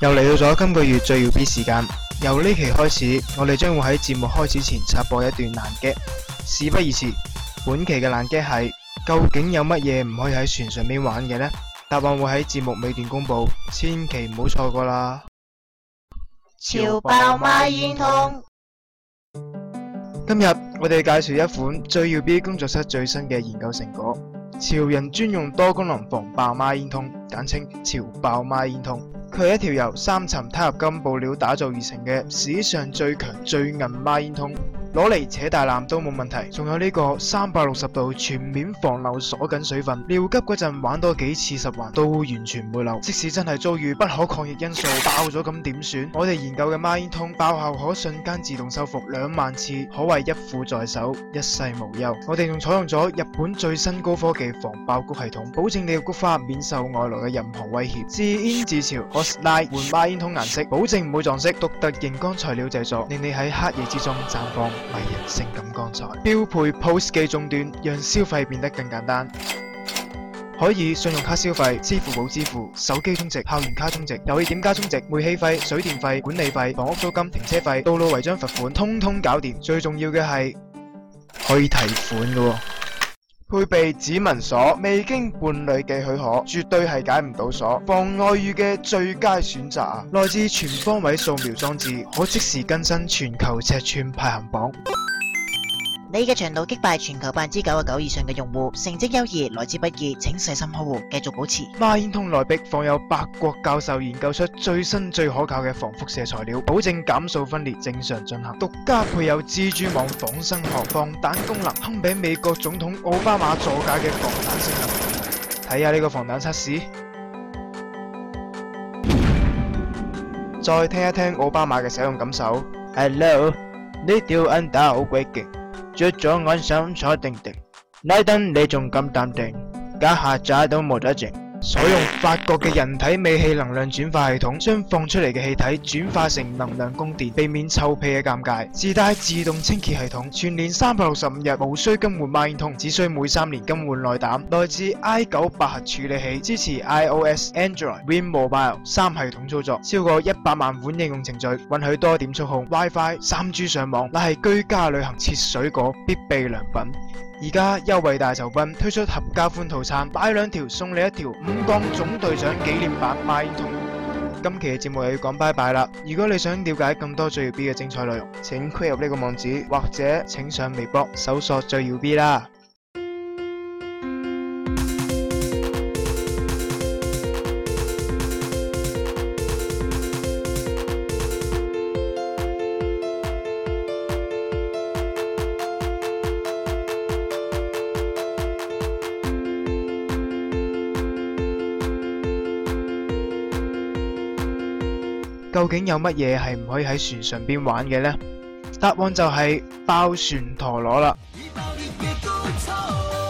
又嚟到咗今個月最耀 B 時間，由呢期開始，我哋將會喺節目開始前插播一段爛 gag。事不宜遲，本期嘅爛 gag 係，究竟有乜嘢唔可以喺船上面玩嘅呢？答案會喺節目尾段公布，千祈唔好錯過啦！潮爆孖煙囪。今日我哋介紹一款最耀 B 工作室最新嘅研究成果。潮人專用多功能防爆孖煙筒，簡稱潮爆孖煙筒，佢係一條由三層鈦合金布料打造而成嘅史上最強最硬孖煙筒。攞嚟扯大纜都冇問題，仲有呢個三百六十度全面防漏鎖緊水分，尿急嗰陣玩多幾次十環都完全唔會漏，即使真係遭遇不可抗力因素爆咗咁點算？我哋研究嘅孖煙囪爆後可瞬間自動修復兩萬次，可謂一褲在手，一世無憂。我哋仲採用咗日本最新高科技防爆菊系統，保證你嘅菊花免受外來嘅任何威脅。至煙至潮，可拉換孖煙囪顏色，保證唔會撞色。獨特熒光材料製作，令你喺黑夜之中綻放。迷人性感光彩，標配 POS 機終端，讓消費變得更簡單。可以信用卡消費、支付寶支付、手機充值、校園卡充值、遊戲點卡充值、煤氣費、水電費、管理費、房屋租金、停車費、道路違章罰款，通通搞掂。最重要嘅係可以提款嘅。配備指紋鎖，未經伴侶嘅許可，絕對係解唔到鎖，防外遇嘅最佳選擇啊！內置全方位掃描裝置，可即時更新全球尺寸排行榜。你嘅長度擊敗全球百分之九十九以上嘅用戶，成績優異，來之不易，請細心呵護，繼續保持。孖煙囪內壁放有八國教授研究出最新最可靠嘅防輻射材料，保證減數分裂正常進行。獨家配有蜘蛛網仿生殼防彈功能，堪比美國總統奧巴馬座駕嘅防彈性能。睇下呢個防彈測試，再聽一聽奧巴馬嘅使用感受。Hello，呢條煙彈好鬼勁。着咗眼想坐定定，呢頓你仲咁淡定，家下仔都冇得靜。採用法國嘅人體尾氣能量轉化系統，將放出嚟嘅氣體轉化成能量供電，避免臭屁嘅尷尬。自帶自動清潔系統，全年三百六十五日無需更換馬桶，只需每三年更換內膽。內置 i 九八核處理器，支持 iOS、Android、Windows Mobile 三系統操作，超過一百萬款應用程序，允許多點觸控、WiFi、Fi, 三 G 上網，乃係居家旅行切水果必備良品。而家優惠大酬賓，推出合家歡套餐，買兩條送你一條五槓總隊長紀念版麥通。今期嘅節目又要講拜拜啦！如果你想了解更多最耀 B 嘅精彩內容，請閲入呢個網址，或者請上微博搜索最耀 B 啦。究竟有乜嘢係唔可以喺船上邊玩嘅呢？答案就係包船陀螺啦。